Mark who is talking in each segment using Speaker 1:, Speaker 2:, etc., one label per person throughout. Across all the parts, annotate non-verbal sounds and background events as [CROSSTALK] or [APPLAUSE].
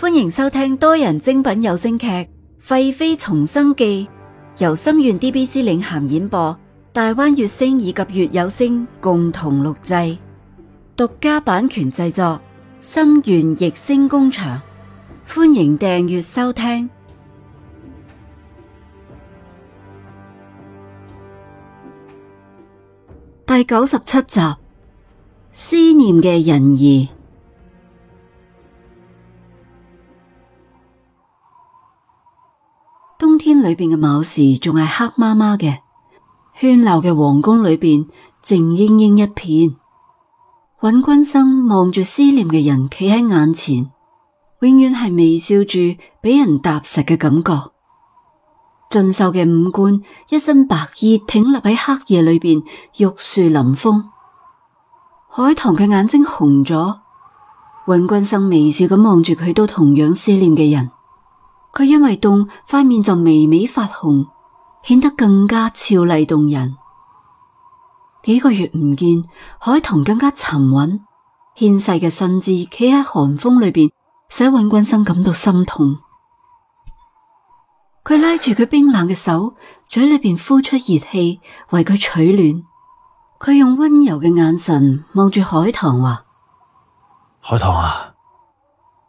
Speaker 1: 歡迎收聽多人精品有聲劇《廢妃重生記》，由心願 D B C 領銜演播，大灣月星以及月有聲共同錄製，獨家版權製作，心願逸聲工場。歡迎訂閱收聽第九十七集《思念嘅人兒》。天裏邊嘅卯時仲係黑麻麻嘅，喧鬧嘅皇宮裏邊靜英英一片。尹君生望住思念嘅人企喺眼前，永遠係微笑住，俾人踏實嘅感覺。俊秀嘅五官，一身白衣，挺立喺黑夜裏邊，玉樹臨風。海棠嘅眼睛紅咗，尹君生微笑咁望住佢都同樣思念嘅人。佢因為凍，塊面就微微發紅，顯得更加俏麗動人。幾個月唔見，海棠更加沉穩，纖細嘅身姿企喺寒風裏邊，使永君生感到心痛。佢拉住佢冰冷嘅手，嘴裏邊呼出熱氣為佢取暖。佢用温柔嘅眼神望住海棠話：海棠啊，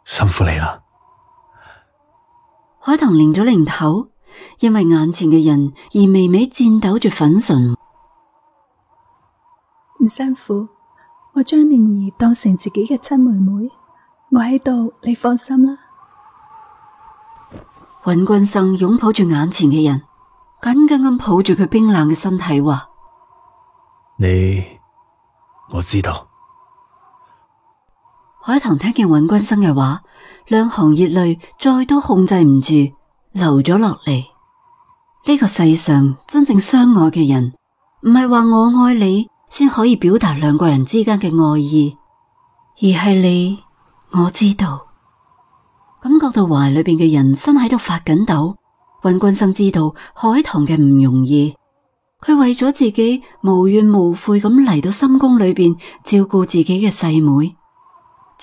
Speaker 1: 辛苦你啦。海棠擰咗擰頭，因為眼前嘅人而微微顫抖住粉唇，唔辛苦，我將靈兒當成自己嘅親妹妹，我喺度，你放心啦。尹君生擁抱住眼前嘅人，緊緊咁抱住佢冰冷嘅身體，話你我知道。海棠聽見尹君生嘅話，兩行熱淚再都控制唔住流咗落嚟。呢個世上真正相愛嘅人，唔係話我愛你先可以表達兩個人之間嘅愛意，而係你我知道，感覺到懷裏邊嘅人身喺度發緊抖。尹君生知道海棠嘅唔容易，佢為咗自己無怨無悔咁嚟到深宮裏邊照顧自己嘅細妹。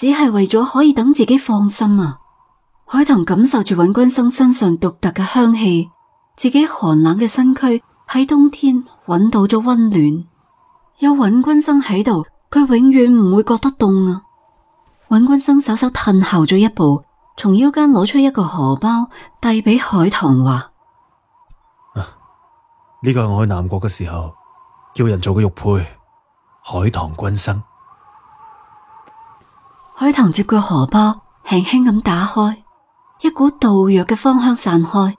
Speaker 1: 只係為咗可以等自己放心啊！海棠感受住尹君生身上獨特嘅香氣，自己寒冷嘅身軀喺冬天揾到咗温暖。有尹君生喺度，佢永遠唔會覺得凍啊！尹君生稍稍褪後咗一步，從腰間攞出一個荷包，遞俾海棠話：呢、啊呢個係我去南國嘅時候叫人做嘅玉佩，海棠君生。海棠接過荷包，輕輕咁打開，一股杜若嘅芳香散開。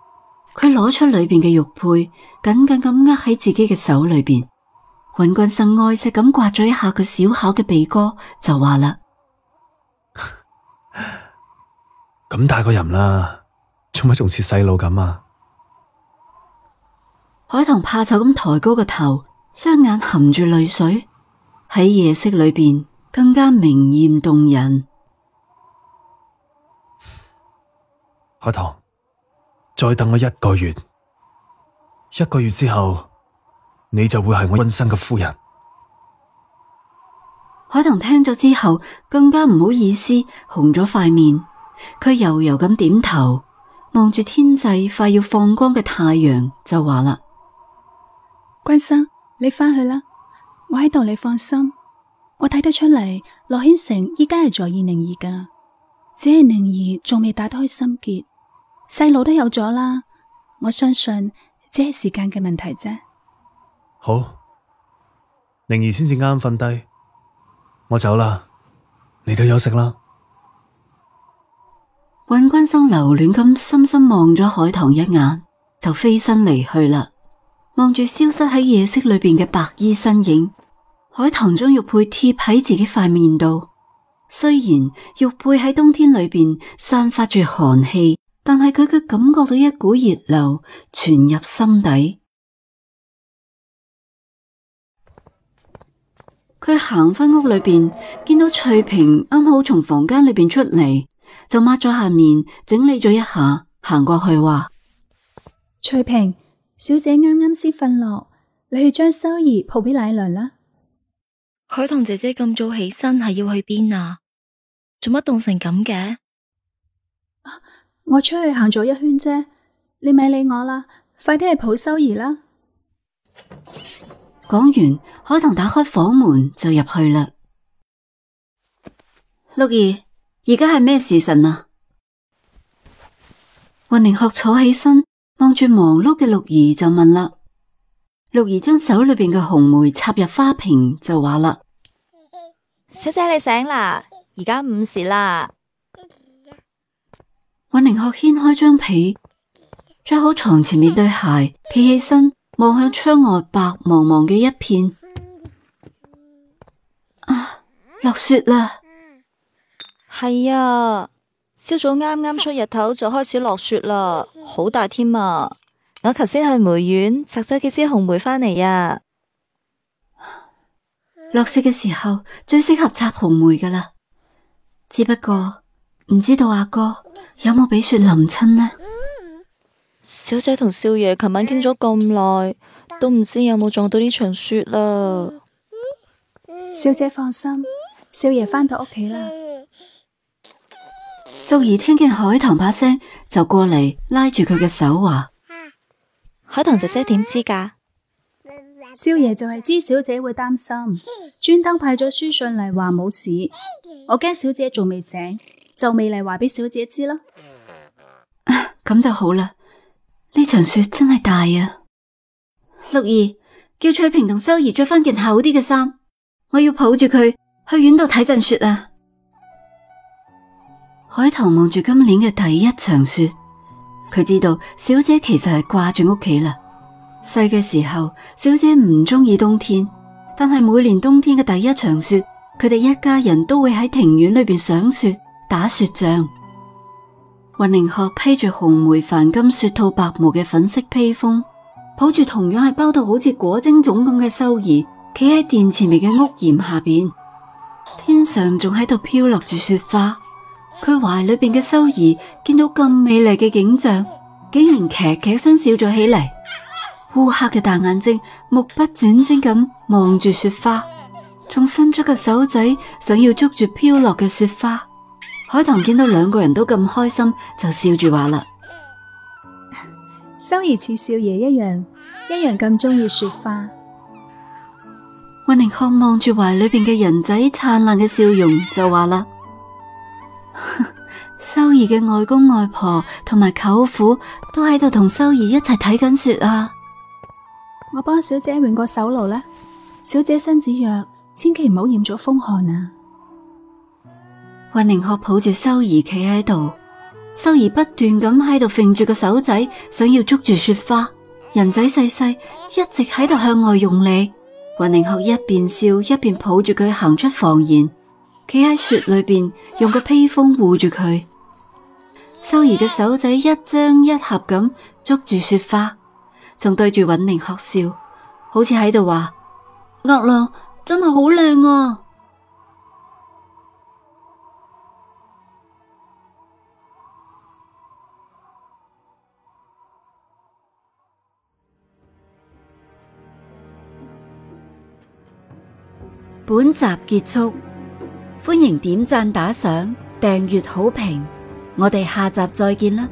Speaker 1: 佢攞出裏邊嘅玉佩，緊緊咁握喺自己嘅手裏邊。雲君生愛錫咁颳咗一下佢小巧嘅鼻哥，就話啦：咁大個人啦，做乜仲似細路咁啊？海棠怕醜咁抬高個頭，雙眼含住淚水，喺夜色裏邊更加明艷動人，海棠，再等我一個月，一個月之後，你就會係我君生嘅夫人。海棠聽咗之後，更加唔好意思，紅咗塊面，佢柔柔咁點頭，望住天際快要放光嘅太陽，就話啦：君生，你翻去啦，我喺度，你放心。我睇得出嚟，駱顯成依家係在意寧兒噶，只係寧兒仲未打得開心結，細路都有咗啦，我相信只係時間嘅問題啫。好，寧兒先至啱瞓低，我走啦，你都休息啦。尹君生留戀咁深深望咗海棠一眼，就飛身離去啦。望住消失喺夜色裏邊嘅白衣身影。海棠將玉佩貼喺自己塊面度，雖然玉佩喺冬天裏邊散發住寒氣，但係佢卻感覺到一股熱流傳入心底。佢行翻屋裏邊，見到翠平啱好從房間裏邊出嚟，就抹咗下面，整理咗一下，行過去話：翠平小姐啱啱先瞓落，你去將修兒抱俾奶奶啦。海棠姐姐咁早起身係要去邊啊？做乜凍成咁嘅？我出去行咗一圈啫，你咪理我啦，快啲去抱修兒啦！講完，海棠打開房門就入去啦。六兒，而家係咩時辰啊？雲寧鶴坐起身，望住忙碌嘅六兒就問啦。六兒將手裏邊嘅紅梅插入花瓶就，就話啦：小姐你醒啦，而家五時啦。尹寧學掀開張被，着好床前面對鞋，企起身望向窗外白茫茫嘅一片。啊，落雪啦！係啊，朝早啱啱出日頭就開始落雪啦，好大添啊！我頭先去梅園摘咗幾支紅梅返嚟啊。落雪嘅時候最適合插紅梅噶啦，只不過唔知道阿哥有冇俾雪淋親呢？小姐同少爺琴晚傾咗咁耐，都唔知有冇撞到呢場雪啦。小姐放心，少爺返到屋企啦。六兒聽見海棠把聲就過嚟拉住佢嘅手話。海棠姐姐點知㗎？少爺就係知小姐會擔心，專登派咗書信嚟話冇事。我驚小姐仲未醒，就未嚟話俾小姐知啦。咁 [LAUGHS] 就好啦。呢場雪真係大啊！六兒叫翠平同修兒着翻件厚啲嘅衫，我要抱住佢去院度睇陣雪啊！海棠望住今年嘅第一場雪。佢知道小姐其實係掛住屋企啦。細嘅時候，小姐唔中意冬天，但係每年冬天嘅第一場雪，佢哋一家人都會喺庭院裏邊賞雪、打雪仗。雲寧鶴披住紅梅繁金雪兔白毛嘅粉色披風，抱住同樣係包到好似裹蒸粽咁嘅修兒，企喺殿前面嘅屋檐下邊，天上仲喺度飄落住雪花。佢懷裏邊嘅修兒見到咁美麗嘅景象，竟然騎騎聲笑咗起嚟，烏黑嘅大眼睛目不轉睛咁望住雪花，仲伸出個手仔想要捉住飄落嘅雪花。海棠見到兩個人都咁開心，就笑住話啦，修兒似少爺一樣，一樣咁鍾意雪花。溫寧看望住懷裏邊嘅人仔燦爛嘅笑容就，就話啦。修儀嘅外公外婆同埋舅父都喺度同修儀一齊睇緊雪啊！我幫小姐換個手爐啦，小姐身子弱，千祈唔好染咗風寒啊！雲寧鶴抱住修儀企喺度，修儀不斷咁喺度揈住個手仔，想要捉住雪花，人仔細細，一直喺度向外用力。雲寧鶴一邊笑一邊抱住佢行出房檐。企喺雪裏邊，用個披風護住佢。Yeah. 修兒嘅手仔一張一合咁捉住雪花，仲對住韻寧學笑，好似喺度話：額娘 [NOISE] 真係好靚啊！ [NOISE] 本集結束。歡迎點讚、打賞、訂閱、好評，我哋下集再見啦！